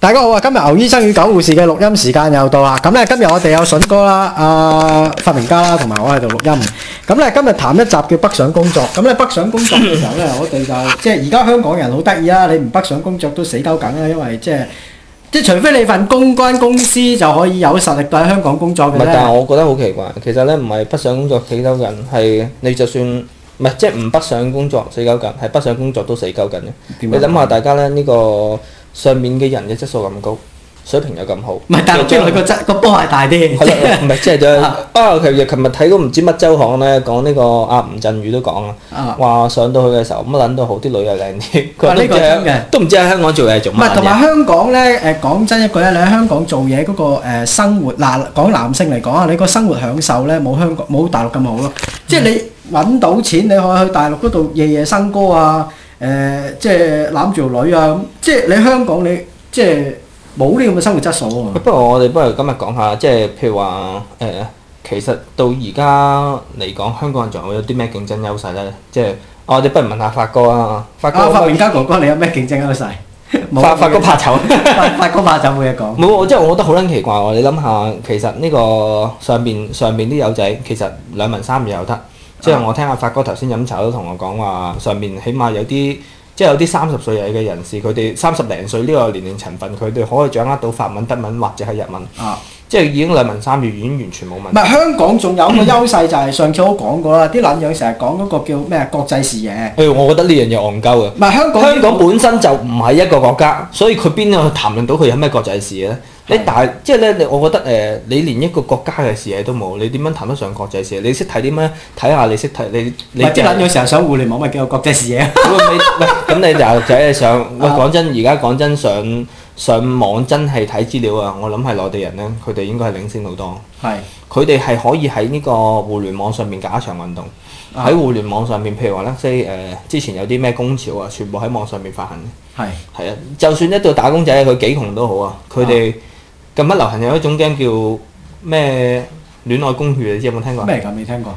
大家好啊！今日牛醫生與狗護士嘅錄音時間又到啦。咁咧今日我哋有笋哥啦、阿發明家啦，同埋我喺度錄音。咁咧今日談一集叫北上工作。咁咧北上工作嘅時候咧，我哋就即係而家香港人好得意啊。你唔北上工作都死鳩緊啦，因為即係即係除非你份公關公司就可以有實力都喺香港工作嘅。唔係，但係我覺得好奇怪。其實咧唔係北上工作死鳩緊，係你就算唔係即係唔北上工作死鳩緊，係北上工作都死鳩緊嘅。你諗下大家咧呢個？上面嘅人嘅質素咁高，水平又咁好，唔係大陸之外個質個波係大啲。係啦，唔係即係就啊！琴日琴日睇到唔知乜週刊咧，講呢個阿吳鎮宇都講啊，話上到去嘅時候乜撚都好，啲女又靚啲。佢話呢個樣嘅，都唔知喺香港做嘢做乜嘢。唔係同埋香港咧誒，講真一句咧，你喺香港做嘢嗰個誒生活，嗱講男性嚟講啊，你個生活享受咧冇香港冇大陸咁好咯。即係你揾到錢，你可以去大陸嗰度夜夜笙歌啊！誒、呃，即係攬住女啊！咁即係你香港你，你即係冇呢咁嘅生活質素啊！不過我哋不如今日講下，即係譬如話誒、呃，其實到而家嚟講，香港人仲會有啲咩競爭優勢咧？即係我哋不如問下發哥啊！發、啊、哥，啊發家哥哥，你有咩競爭優勢？發發哥怕醜，發哥怕醜冇嘢講。冇我即係我覺得好撚奇怪喎！你諗下，其實呢個上面上面啲友仔，其實兩文三語又得。即係我聽阿發哥頭先飲茶都同我講話，上面起碼有啲即係有啲三十歲嘅人士，佢哋三十零歲呢個年齡層份，佢哋可以掌握到法文、德文或者係日文啊，即係已經兩文三語已經完全冇問題。唔係香港仲有一個優勢，就係上次我都講過啦，啲撚樣成日講嗰個叫咩國際視野嘅。誒、哎，我覺得呢樣嘢戇鳩嘅。唔係香港，香港本身就唔係一個國家，所以佢邊度去談論到佢有咩國際視野咧？你但係即係咧，你、就是、我覺得誒、呃，你連一個國家嘅視野都冇，你點樣談得上國際視野？你識睇啲咩？睇下你識睇你。唔係即係等於成日上互聯網咪叫做國際視野？咁你就仔上喂，講、啊、真，而家講真上上網真係睇資料啊！我諗係內地人咧，佢哋應該係領先好多。係是。佢哋係可以喺呢個互聯網上面搞一場運動。喺、啊、互聯網上面，譬如話咧，即係、呃、之前有啲咩工潮啊，全部喺網上面發行。係是。係啊，就算一度打工仔，佢幾窮都好啊，佢哋。近乜流行有一種 game 叫咩戀愛公寓？你知有冇聽過？咩咁？未聽過。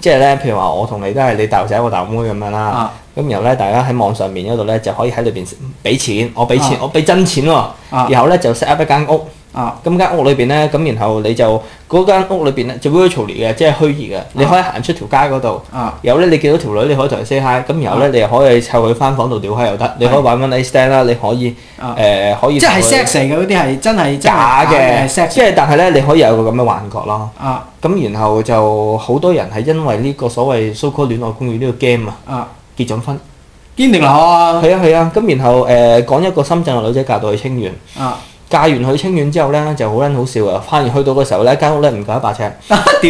即係咧，譬如話我同你都係你大仔我大妹咁樣啦。咁、啊、然後咧，大家喺網上面嗰度咧就可以喺裏邊俾錢，我俾錢，啊、我俾真錢喎。啊、然後咧就 set up 一間屋。啊！咁間屋裏邊咧，咁然後你就嗰間屋裏邊咧就 virtual 嘅，即係虛擬嘅。你可以行出條街嗰度，啊！然後咧你見到條女，你可以同佢 say hi，咁然後咧你又可以摳佢翻房度屌閪又得。你可以玩翻 A stand 啦，你可以誒可以。即係 sex 成嘅嗰啲係真係假嘅，即係但係咧你可以有個咁嘅幻覺咯。啊！咁然後就好多人係因為呢個所謂 so called 戀愛公寓呢個 game 啊，結咗婚堅定啦！啊？係啊係啊，咁然後誒講一個深圳嘅女仔嫁到去清遠啊！嫁完去清遠之後咧，就好撚好笑啊！反而去到嘅時候咧，間屋咧唔夠一百尺，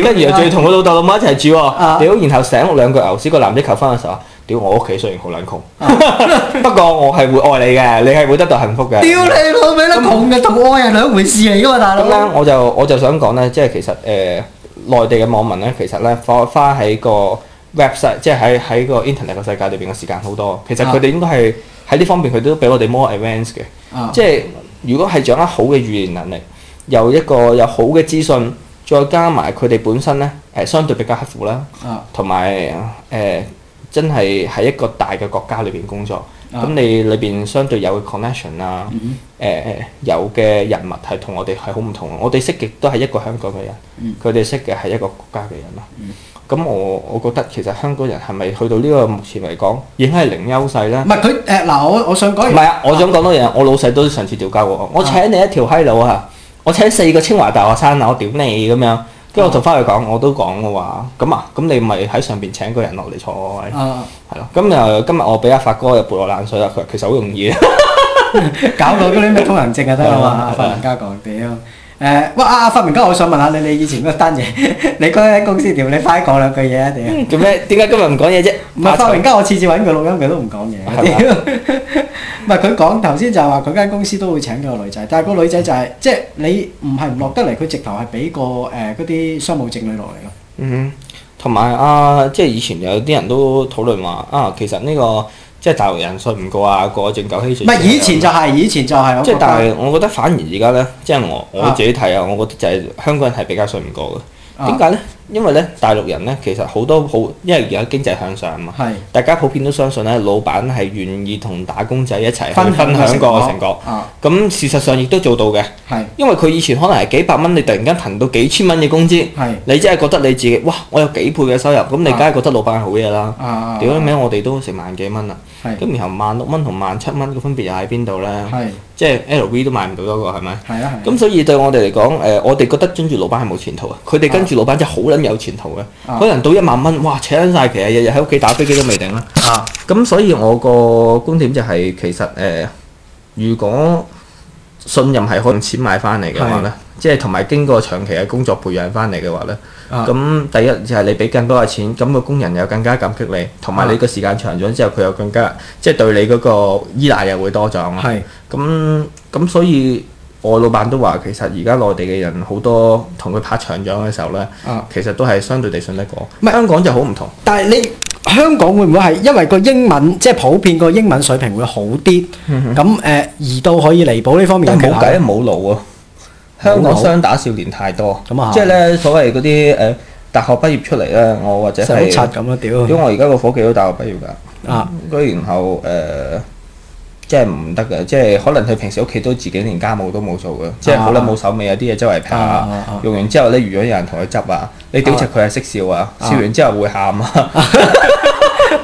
跟住又仲要同我老豆老媽一齊住喎。屌！然後醒屋兩個牛屎個男仔求婚嘅時候，屌！我屋企雖然好撚窮，不過我係會愛你嘅，你係會得到幸福嘅。屌你老味啦！窮嘅同愛係兩回事嚟嘅嘛，大佬。咁咧，我就我就想講咧，即係其實誒內地嘅網民咧，其實咧花喺個 website，即係喺喺個 internet 嘅世界裏邊嘅時間好多。其實佢哋應該係喺呢方面佢都比我哋 more advance 嘅，即係。如果係掌握好嘅語言能力，有一個有好嘅資訊，再加埋佢哋本身呢，係、呃、相對比較刻苦啦，同埋誒真係喺一個大嘅國家裏邊工作，咁、啊、你裏邊相對有 connection 啦、啊。嗯嗯。誒誒有嘅人物係同我哋係好唔同啊！我哋識極都係一個香港嘅人，佢哋識嘅係一個國家嘅人啦。咁我我覺得其實香港人係咪去到呢個目前嚟講，已經係零優勢咧？唔係佢誒嗱，我我想講嘢。唔係啊，我想講多嘢啊！我老細都上次調教我，我請你一條閪佬啊！我請四個清華大學生啊！我屌你咁樣，跟住我就返去講，我都講嘅話，咁啊，咁你咪喺上邊請個人落嚟坐位，係咯？咁又今日我俾阿發哥又潑我冷水啦！佢其實好容易。搞到嗰啲咩通行證啊得喇嘛！發明家講屌，誒哇啊！發明家，我想問下你，你以前嗰單嘢，你嗰間公司點？你快啲講兩句嘢啊！屌，做咩？點解今日唔講嘢啫？唔係發明家，我次次揾佢錄音，佢都唔講嘢。屌，唔係佢講頭先就係話佢間公司都會請個女仔，但係個女仔就係即係你唔係唔落得嚟，佢直頭係俾個誒嗰啲商務證女落嚟咯。同埋啊，即係以前有啲人都討論話啊，其實呢個。即係大陸人信唔過啊，過一陣狗希瑞。唔係以前就係、是，以前就係即係但係，我覺得反而而家咧，啊、即係我我自己睇啊，我覺得就係香港人係比較信唔過嘅。點解咧？因為咧大陸人咧其實好多好，因為而家經濟向上啊嘛，是大家普遍都相信咧老闆係願意同打工仔一齊分享過個成果。咁、啊、事實上亦都做到嘅，是因為佢以前可能係幾百蚊，你突然間騰到幾千蚊嘅工資，是你即係覺得你自己哇，我有幾倍嘅收入，咁你梗係覺得老闆係好嘢啦。屌咩、啊，我哋都成萬幾蚊啦，咁、啊、然後萬六蚊同萬七蚊嘅分別又喺邊度咧？即係 LV 都買唔到嗰個係咪？咁、啊啊、所以對我哋嚟講，誒、呃、我哋覺得跟住老闆係冇前途啊，佢哋跟住老闆就好啦。有前途嘅，可能賭一萬蚊，哇，請晒期日日喺屋企打飛機都未定啦。咁、啊、所以我個觀點就係、是，其實誒、呃，如果信任係可以用錢買翻嚟嘅話咧，是即係同埋經過長期嘅工作培養翻嚟嘅話咧，咁是第一就係你俾更多嘅錢，咁個工人又更加感激你，同埋你個時間長咗之後，佢又更加即係對你嗰個依賴又會多咗啊。咁咁是所以。我老闆都話，其實而家內地嘅人好多同佢拍長長嘅時候咧，啊、其實都係相對地信得過。唔係是香港就好唔同。但係你香港會唔會係因為個英文即係、就是、普遍個英文水平會好啲？咁誒移到可以彌補呢方面嘅缺陷冇計冇腦啊！香港雙打少年太多。咁啊勞，即係呢的所謂嗰啲誒大學畢業出嚟呢，我或者係如果我而家個伙計都大學畢業㗎。啊，嗯嗯、然後誒。呃即係唔得噶，即係可能佢平時屋企都自己連家務都冇做噶，即係好撚冇手尾啊！啲嘢周圍撇，用完之後咧如果有人同佢執啊，你屌柒佢係識笑啊，笑完之後會喊啊，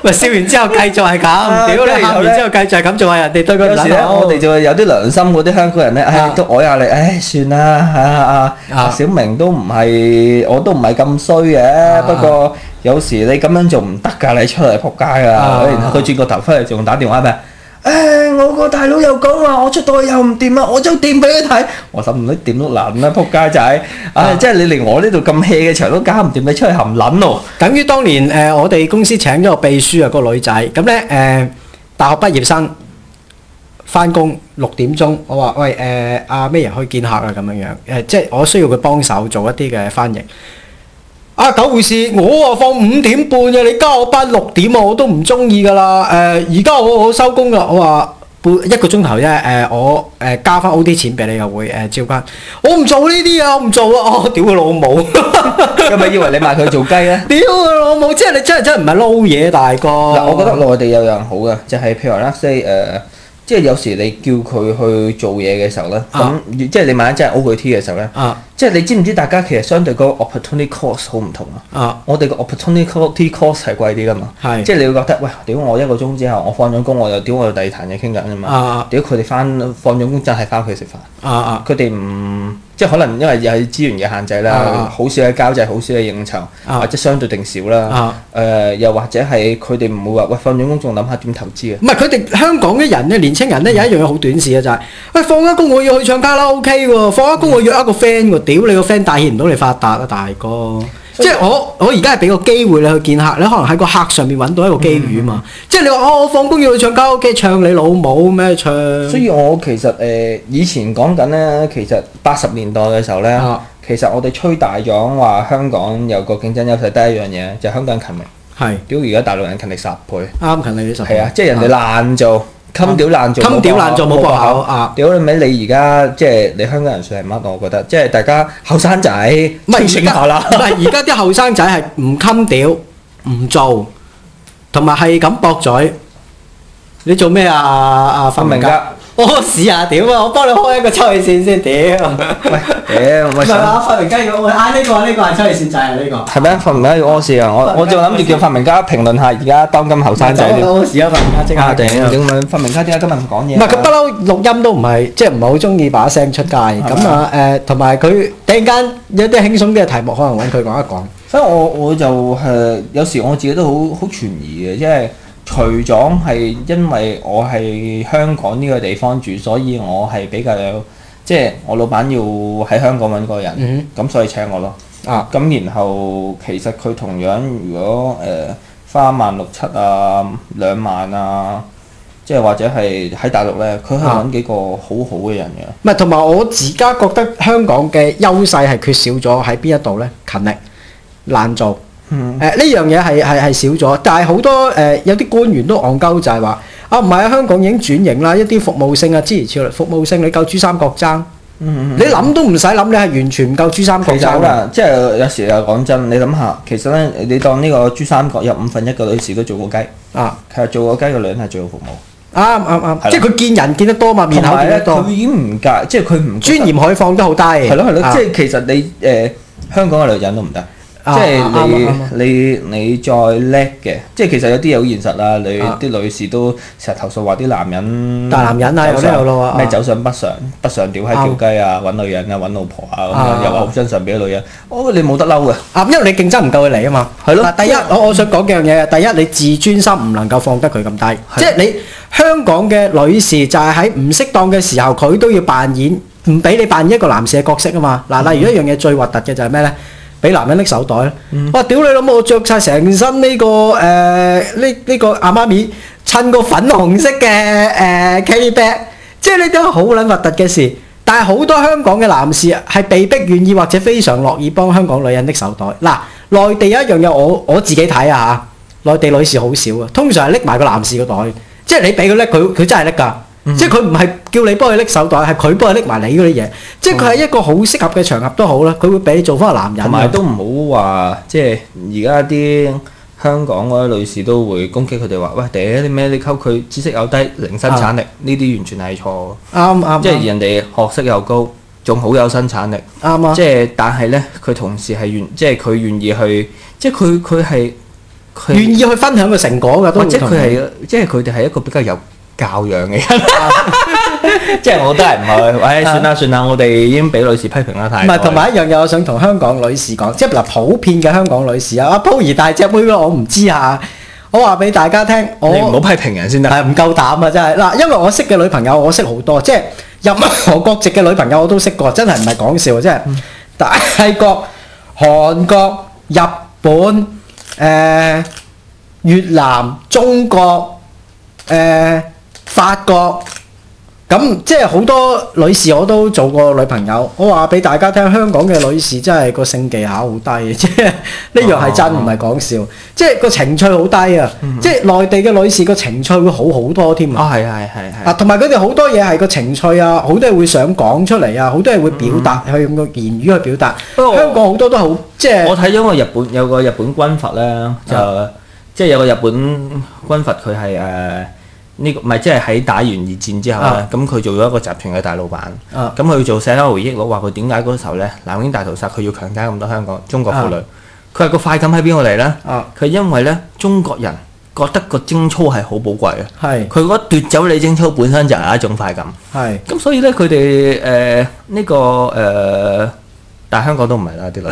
咪笑完之後繼續係咁，屌你！喊完之後繼續係咁，仲話人哋對嗰陣時我哋就有啲良心嗰啲香港人咧，唉都我下你，唉算啦，啊小明都唔係，我都唔係咁衰嘅，不過有時你咁樣做唔得㗎，你出嚟仆街㗎，然後佢轉個頭翻嚟仲打電話咩？誒，我個大佬又講話，我出代又唔掂啊！我就掂俾佢睇，我唔諗掂都難啦，撲街仔！啊，啊即係你連我呢度咁 hea 嘅場都搞唔掂，你出去含撚咯！等於當年誒、呃，我哋公司請咗個秘書啊，個女仔咁咧誒，大學畢業生，翻工六點鐘，我話喂誒，阿、呃、咩、啊、人去以見客啊？咁樣樣誒、呃，即係我需要佢幫手做一啲嘅翻譯。啊，狗護士，我啊放五點半啊。你加我班六點啊，我都唔中意噶啦。誒、呃，而家我我收工噶，我話半一個鐘頭啫。誒、呃，我誒、呃、加翻 O D 錢俾你又會誒、呃、照翻。我唔做呢啲啊，我唔做啊。哦，屌佢老母！係咪 以為你買佢做雞啊？ 屌佢老母！即係你真係真係唔係撈嘢，大哥。嗱、呃，我覺得內地有樣好嘅，就係、是、譬如話 l say 誒。呃即係有時你叫佢去做嘢嘅時候咧，咁、啊、即係你萬一真係 O.T. 嘅時候咧，啊、即係你知唔知大家其實相對嗰個 Opportunity Cost 好唔同啊？啊我哋個 Opportunity Cost 係貴啲噶嘛，是即係你會覺得喂，屌我一個鐘之後我放咗工，我又屌我第二壇嘢傾緊㗎嘛？屌佢哋翻放咗工真係翻屋企食飯？佢哋唔。啊即係可能因為有係資源嘅限制啦，好、啊、少嘅交際，好少嘅應酬，啊、或者相對定少啦。誒、啊呃，又或者係佢哋唔會話喂，放咗工仲諗下點投資嘅。唔係佢哋香港嘅人咧，年青人咧、嗯、有一樣嘢好短視嘅就係、是，喂、哎、放緊工我要去唱卡拉 OK，放緊工我要約一個 friend，屌、嗯、你個 friend 帶起唔到你發達啊大哥！即係我我而家係俾個機會你去見客，你可能喺個客上面揾到一個機遇啊嘛！嗯、即係你話哦，我放工要去唱卡拉 OK 唱，唱你老母咩唱？所以我其實誒、呃、以前講緊呢，其實八十年代嘅時候呢，啊、其實我哋吹大咗話香港有個競爭優勢第一樣嘢就係、香港勤力，係屌而家大陸人勤力十倍，啱勤力啲十倍，啊、即係人哋爛做。啊冚屌爛做冇駁口，口啊！屌你咪你而家即係你香港人算係乜？我覺得即係大家後生仔，唔係而家啦。而家啲後生仔係唔冚屌唔做，同埋係咁駁嘴。你做咩啊？啊，分明㗎，我、哦、試下屌啊！我幫你開一個抽氣扇先屌。喂 唔係啊！發明家，我嗌呢個呢個係出嚟蝕底啊！呢個係咩？發明家要屙屎啊！我我仲諗住叫發明家評論下而家當今後生仔。屙屎啊！發明家即刻頂！發明家點解今日唔講嘢？唔係佢不嬲錄音都唔係，即係唔係好中意把聲出街咁啊？誒吧，同埋佢突然間有啲輕鬆啲嘅題目，可能揾佢講一講。所以我我就係、呃、有時我自己都好好存疑嘅，即係除咗係因為我係香港呢個地方住，所以我係比較。即係我老闆要喺香港揾個人，咁、嗯、哼所以請我咯。咁、啊、然後其實佢同樣如果誒、呃、花萬六七啊兩萬啊，即係或者係喺大陸呢，佢係揾幾個好好嘅人嘅。唔係同埋我自家覺得香港嘅優勢係缺少咗喺邊一度呢？勤力難做。呢、嗯呃、樣嘢係係係少咗，但係好多誒、呃、有啲官員都戇鳩就係話。啊，唔係啊，香港已經轉型啦，一啲服務性啊、諸如此類服務性，你夠珠三角爭？你諗都唔使諗，你係完全唔夠珠三角競爭啦。即係有時又講真，你諗下，其實咧，你當呢個珠三角有五分一嘅女士都做過雞。啊。其實做過雞嘅女人係最好服務。啱啱啱。即係佢見人見得多嘛，面口見得多。佢已經唔介，即係佢唔，尊嚴可以放得好低。係咯係咯，即係其實你誒香港嘅女人都唔得。即係你你你再叻嘅，即係其實有啲嘢好現實啊！你啲女士都成日投訴話啲男人大男人啊，有咩有咯咩走上北上，北上屌閪條雞啊，揾女人啊，揾老婆啊咁樣，又話好真相俾女人，哦你冇得嬲嘅，啊因為你競爭唔夠佢嚟啊嘛，係咯。嗱第一，我我想講幾樣嘢啊。第一，你自尊心唔能夠放得佢咁低，即係你香港嘅女士就係喺唔適當嘅時候，佢都要扮演唔俾你扮演一個男士嘅角色啊嘛。嗱，例如一樣嘢最核突嘅就係咩咧？俾男人拎手袋咧、嗯，我屌你老母！我着晒成身呢個誒呢呢個阿媽咪，襯個粉紅色嘅誒、呃、keybag 即係呢啲好撚核突嘅事。但係好多香港嘅男士係被逼願意或者非常樂意幫香港女人拎手袋。嗱、呃，內地有一樣嘢，我我自己睇啊嚇，內地女士好少啊，通常係拎埋個男士個袋，即係你俾佢拎，佢佢真係拎㗎，嗯、即係佢唔係。叫你幫佢拎手袋，係佢幫佢拎埋你嗰啲嘢，即係佢係一個好適合嘅場合都好啦。佢會俾你做翻個男人，同埋都唔好話，即係而家啲香港嗰啲女士都會攻擊佢哋話，喂，嗲啲咩？你溝佢知識又低，零生產力，呢啲、嗯、完全係錯。啱啱、嗯，嗯嗯、即係人哋學識又高，仲好有生產力。啱啊、嗯，嗯、即係但係呢，佢同時係願，即係佢願意去，即係佢佢係願意去分享個成果㗎。或者佢係，即係佢哋係一個比較有教養嘅人。 即係我都係唔去，喂、 哎，算啦算啦，我哋已經俾女士批評啦，睇唔係，同埋一樣嘢，我想同香港女士講，即係嗱，普遍嘅香港女士啊，阿 Po 兒大隻妹、妹，我唔知啊，我話俾大家聽，我你唔好批評人先得，係唔、哎、夠膽啊！真係嗱，因為我識嘅女朋友，我識好多，即係任何國籍嘅女朋友我都識過，真係唔係講笑，即係、嗯、大國、韓國、日本、誒、呃、越南、中國、誒、呃、法國。咁即係好多女士我都做過女朋友，我話俾大家聽，香港嘅女士真係個性技巧好低，即係呢樣係真唔係講笑，嗯、即係個情趣、嗯、好低、哦、啊！即係內地嘅女士個情趣會好好多添啊！啊，係係係係啊，同埋佢哋好多嘢係個情趣啊，好多嘢會想講出嚟啊，好多嘢會表達去、嗯、用個言語去表達。香港好多都好即係。我睇咗個日本有個日本軍閥咧，就即、是、係、嗯、有個日本軍閥佢係誒。呢、這個唔係即係喺打完二戰之後咧，咁佢、啊、做咗一個集團嘅大老闆，咁佢、啊、做社會回憶錄。話佢點解嗰時候咧，南京大屠殺佢要強姦咁多香港中國婦女？佢話、啊、個快感喺邊度嚟咧？佢、啊、因為咧中國人覺得個貞操係好寶貴嘅，佢嗰是奪走你貞操本身就係一種快感。咁是所以咧佢哋誒呢、呃這個誒。呃呃但香港都唔係啦，啲女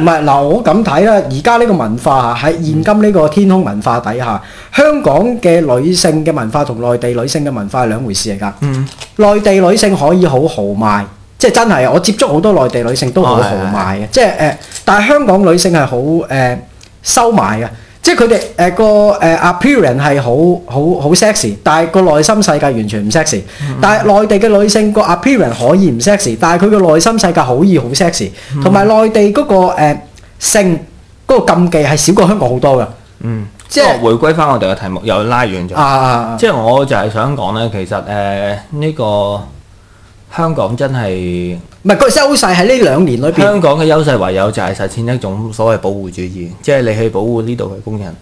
唔係嗱，我咁睇啦，而家呢個文化喺現今呢個天空文化底下，香港嘅女性嘅文化同內地女性嘅文化係兩回事嚟㗎。嗯、內地女性可以好豪邁，即係真係我接觸好多內地女性都好豪邁嘅，哦啊、即係誒、呃。但係香港女性係好誒收埋嘅。即係佢哋誒個誒 appearance 係好好好 sexy，但係個內心世界完全唔 sexy。但係內地嘅女性個 appearance 可以唔 sexy，但係佢嘅內心世界可以好 sexy。同埋內地嗰個誒性嗰個禁忌係少過香港好多㗎。嗯，即係回歸翻我哋嘅題目又拉遠咗。啊啊！即係我就係想講咧，其實誒呢個。香港真係唔係個優勢喺呢兩年裏邊。香港嘅優勢唯有就係實踐一種所謂保護主義，即係你去保護呢度嘅工人。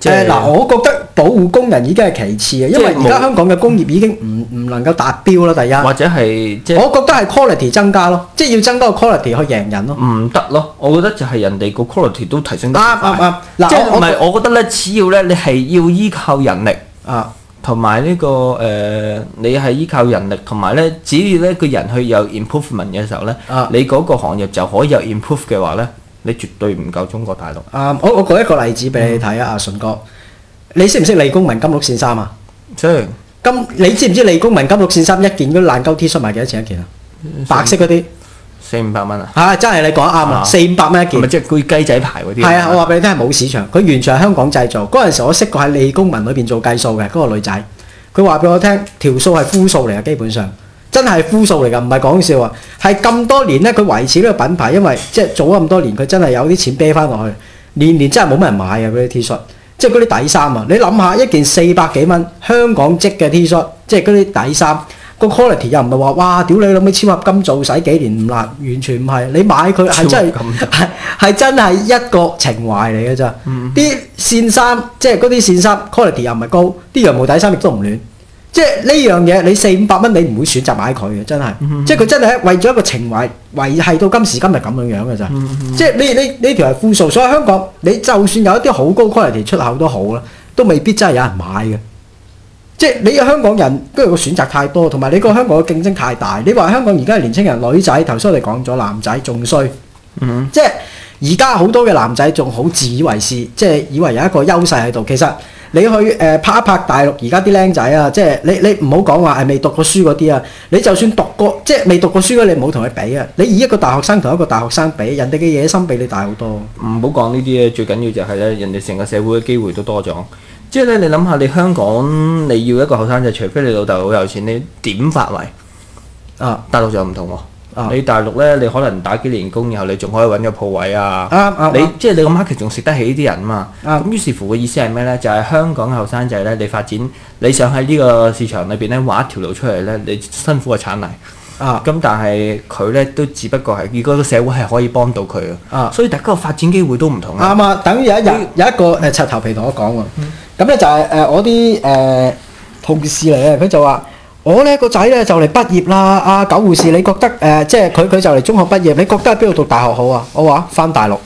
即誒嗱，我覺得保護工人已經係其次嘅，因為而家香港嘅工業已經唔唔能夠達標啦。第一或者係即係我覺得係 quality 增加咯，即係要增加個 quality 去贏人咯。唔得咯，我覺得就係人哋個 quality 都提升得快。即係我覺得咧，只要咧，你係要依靠人力啊。同埋呢個誒，你係依靠人力，同埋咧，只要咧個人去有 improvement 嘅時候咧，你嗰個行業就可以有 improve 嘅話咧，你絕對唔夠中國大陸。啊，我我舉一個例子俾你睇啊，阿順哥，你識唔識利工民金鹿線衫啊？即係金，你知唔知利工民金鹿線衫一件嗰啲爛鳩 T 恤賣幾多錢一件啊？白色嗰啲。四五百蚊啊！嚇，真係你講啱啊！四五百蚊一件，即係佢雞仔牌嗰啲。係啊，我話俾你聽，係冇市場。佢完全係香港製造。嗰陣時我識過喺利工民裏邊做計數嘅嗰個女仔，佢話俾我聽，條數係虧數嚟啊，基本上，基本上真係虧數嚟㗎，唔係講笑啊！係咁多年咧，佢維持呢個品牌，因為即係做咗咁多年，佢真係有啲錢啤翻落去。年年真係冇乜人買啊！嗰啲 T 恤，shirt，即係嗰啲底衫啊！你諗下一件四百幾蚊香港織嘅 T 恤，shirt，即係嗰啲底衫。個 quality 又唔係話哇，屌你老味，千合金做使幾年唔爛，完全唔係。你買佢係真係係係真係一個情懷嚟嘅咋。啲線衫即係嗰啲線衫，quality 又唔係高，啲羊毛底衫亦都唔暖。即係呢樣嘢，你四五百蚊，你唔會選擇買佢嘅，真係。即係佢真係為咗一個情懷維繫到今時今日咁樣樣嘅咋。即係你你呢條係負數，所以香港你就算有一啲好高 quality 出口都好啦，都未必真係有人買嘅。即係你嘅香港人，跟住個選擇太多，同埋你個香港嘅競爭太大。你話香港而家年青人女仔頭先我哋講咗，mm hmm. 男仔仲衰。即係而家好多嘅男仔仲好自以為是，即係以為有一個優勢喺度。其實你去誒、呃、拍一拍大陸而家啲僆仔啊，即係你你唔好講話係未讀過書嗰啲啊。你就算讀過，即係未讀過書嗰啲，你唔好同佢比啊。你以一個大學生同一個大學生比，人哋嘅野心比你大好多。唔好講呢啲咧，最緊要就係咧，人哋成個社會嘅機會都多咗。即係你諗下，你香港你要一個後生仔，除非你老豆好有錢，你點發圍啊？大陸就唔同喎，啊、你大陸咧，你可能打幾年工，然後你仲可以揾個鋪位啊。啊啊你即係、就是、你個 market 仲食得起呢啲人嘛？啊，於是乎嘅意思係咩咧？就係、是、香港後生仔咧，你發展你想喺呢個市場裏邊咧畫一條路出嚟咧，你辛苦嘅產泥啊。咁、嗯、但係佢咧都只不過係，如果個社會係可以幫到佢啊，所以大家個發展機會都唔同啊。啱啊，等於有一有一個誒，擦頭皮同我講喎。咁咧就係誒我啲誒、呃、同事嚟嘅，佢就話：我咧個仔咧就嚟畢業啦，阿、啊、狗護士，你覺得誒、呃、即係佢佢就嚟中學畢業，你覺得喺邊度讀大學好啊？我話返大陸，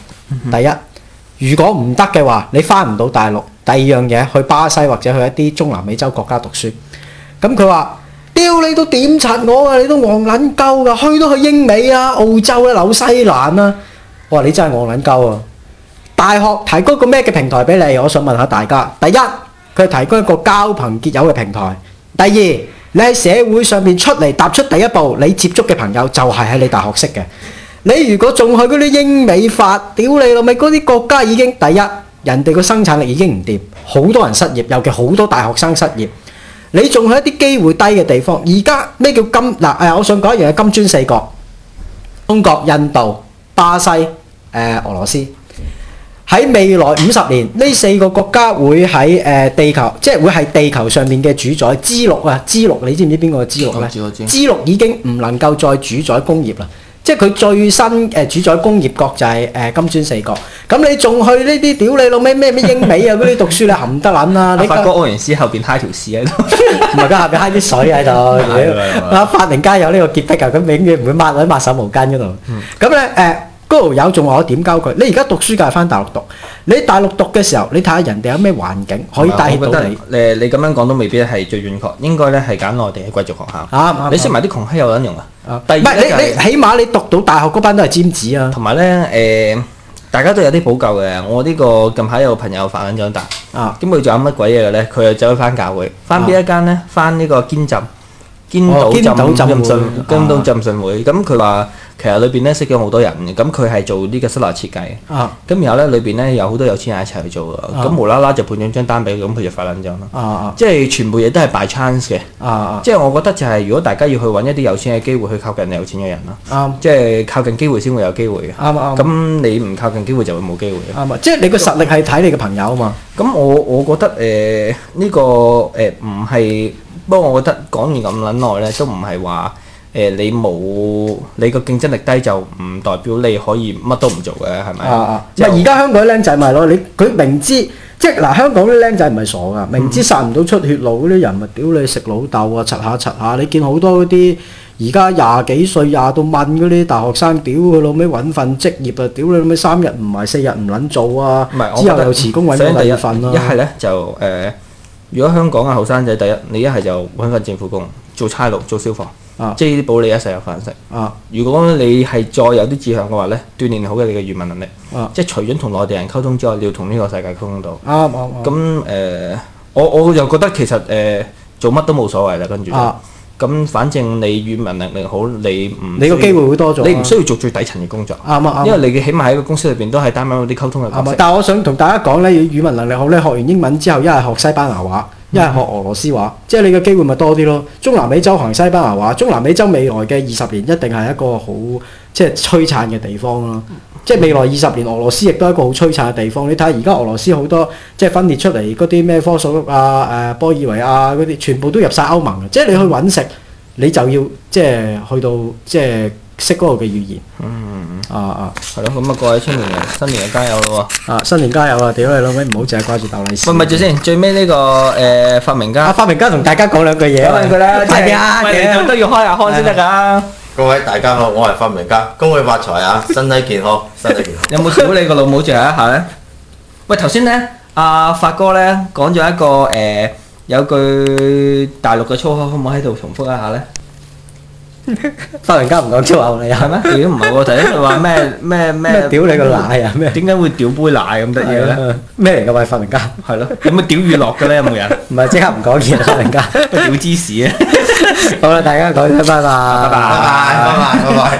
第一，如果唔得嘅話，你返唔到大陸；第二樣嘢，去巴西或者去一啲中南美洲國家讀書。咁佢話：屌你都點柒我啊！你都戇撚鳩㗎，去都去英美啊、澳洲啦、啊、紐西蘭啦、啊。我話你真係戇撚鳩啊！大學提供個咩嘅平台俾你？我想問下大家。第一，佢提供一個交朋結友嘅平台；第二，你喺社會上面出嚟踏出第一步，你接觸嘅朋友就係喺你大學識嘅。你如果仲去嗰啲英美法，屌你老味，嗰啲國家已經第一，人哋個生產力已經唔掂，好多人失業，尤其好多大學生失業。你仲去一啲機會低嘅地方？而家咩叫金嗱？誒，我想講一樣係金磚四國：中國、印度、巴西、誒、俄羅斯。喺未來五十年，呢四個國家會喺誒地球，即係會係地球上面嘅主宰。之六啊，之六，你知唔知邊個之六咧？之六已經唔能夠再主宰工業啦，即係佢最新誒主宰工業國就係誒金磚四國。咁你仲去呢啲屌你老咩咩咩英美啊嗰啲讀書你含得撚啊！你發覺奧運絲後邊揩條屎喺度，唔係家下嘅揩啲水喺度。啊，發 明家有呢個潔癖啊，佢永遠唔會抹喺抹手毛巾嗰度。咁咧誒。嗰個有仲話我點教佢？你而家讀書架係翻大陸讀，你大陸讀嘅時候，你睇下人哋有咩環境可以帶起你。你咁樣講都未必係最準確，應該咧係揀內地嘅貴族學校。你識埋啲窮閪有卵用啊！唔係你你起碼你讀到大學嗰班都係尖子啊。同埋咧誒，大家都有啲補救嘅。我呢個近排有朋友發緊張達，咁佢仲有乜鬼嘢嘅咧？佢又走去翻教會，翻邊一間咧？翻呢個堅浸。堅道浸浸信，堅道浸信會。咁佢話其實裏邊咧識咗好多人嘅，咁佢係做呢個室內設計嘅。咁然後咧裏邊咧有好多有錢人一齊去做嘅，咁無啦啦就判咗張單俾佢，咁佢就發愣咗咯。即係全部嘢都係 by chance 嘅。即係我覺得就係如果大家要去搵一啲有錢嘅機會，去靠近有錢嘅人咯。即係靠近機會先會有機會。咁你唔靠近機會就會冇機會。即係你個實力係睇你嘅朋友啊嘛。咁我我覺得誒呢個誒唔係。不過，我覺得講完咁撚耐咧，都唔係話誒你冇你個競爭力低就唔代表你可以乜都唔做嘅，係咪啊？唔而家香港啲僆仔咪咯，你佢明知即係嗱、啊，香港啲僆仔唔係傻噶，明知殺唔到出血路嗰啲人，咪屌、嗯、你食老豆啊，柒下柒下！你見好多嗰啲而家廿幾歲廿到萬嗰啲大學生，屌佢老味揾份職業啊，屌你老味三日唔係四日唔撚做啊！之後又辭工揾另一份咯。一係咧就誒。啊啊嗯啊如果香港嘅後生仔第一，你一係就揾份政府工，做差佬、做消防，啊、即係啲保你一世有飯食。啊、如果你係再有啲志向嘅話呢，鍛鍊好嘅你嘅語文能力，啊、即係除咗同內地人溝通之外，你要同呢個世界溝通到。咁誒、啊啊啊呃，我我又覺得其實誒、呃、做乜都冇所謂啦，跟住。啊啊咁反正你語文能力好，你唔你個機會會多咗，你唔需要做最底層嘅工作。啱啊，嗯，嗯、因為你嘅起碼喺個公司裏邊都係擔任嗰啲溝通嘅角色。嗯、但係我想同大家講呢，語文能力好呢，學完英文之後，一係學西班牙話，一係學俄羅斯話，嗯、即係你嘅機會咪多啲咯。中南美洲行西班牙話，中南美洲未來嘅二十年一定係一個好即係璀璨嘅地方咯。嗯即係未來二十年，俄羅斯亦都係一個好璀璨嘅地方。你睇下而家俄羅斯好多即係分裂出嚟嗰啲咩科索沃啊、誒波爾維亞嗰啲，全部都入晒歐盟嘅。即係你去揾食，嗯、你就要即係去到即係識嗰個嘅語言。嗯啊啊，係咯。咁啊，各位青年新年新年加油咯啊，新年加油啊！屌你老味，唔好淨係掛住豆米絲。咪住先，最尾呢、呢個誒、呃、發明家，發明家同大家講兩句嘢。講兩句啦，快啲啊！唔係你都要開下腔先得㗎。各位大家好，我係發明家，恭喜發財啊！身體健康，身體健康。有冇屌你個老母最後一下咧？喂，頭先咧，阿發哥咧講咗一個誒，有句大陸嘅粗口，可唔可以喺度重複一下咧？發明家唔講粗口你啊？係咩？亦都唔係喎，第一句話咩咩咩屌你個奶啊？咩？點解會屌杯奶咁得意咧？咩嚟噶？喂，發明家係咯，有冇屌乳酪嘅咧？有冇人，唔係即刻唔講嘢，發明家屌芝士啊！ 好啦，大家講聲拜拜，拜拜，拜拜，拜拜，拜拜。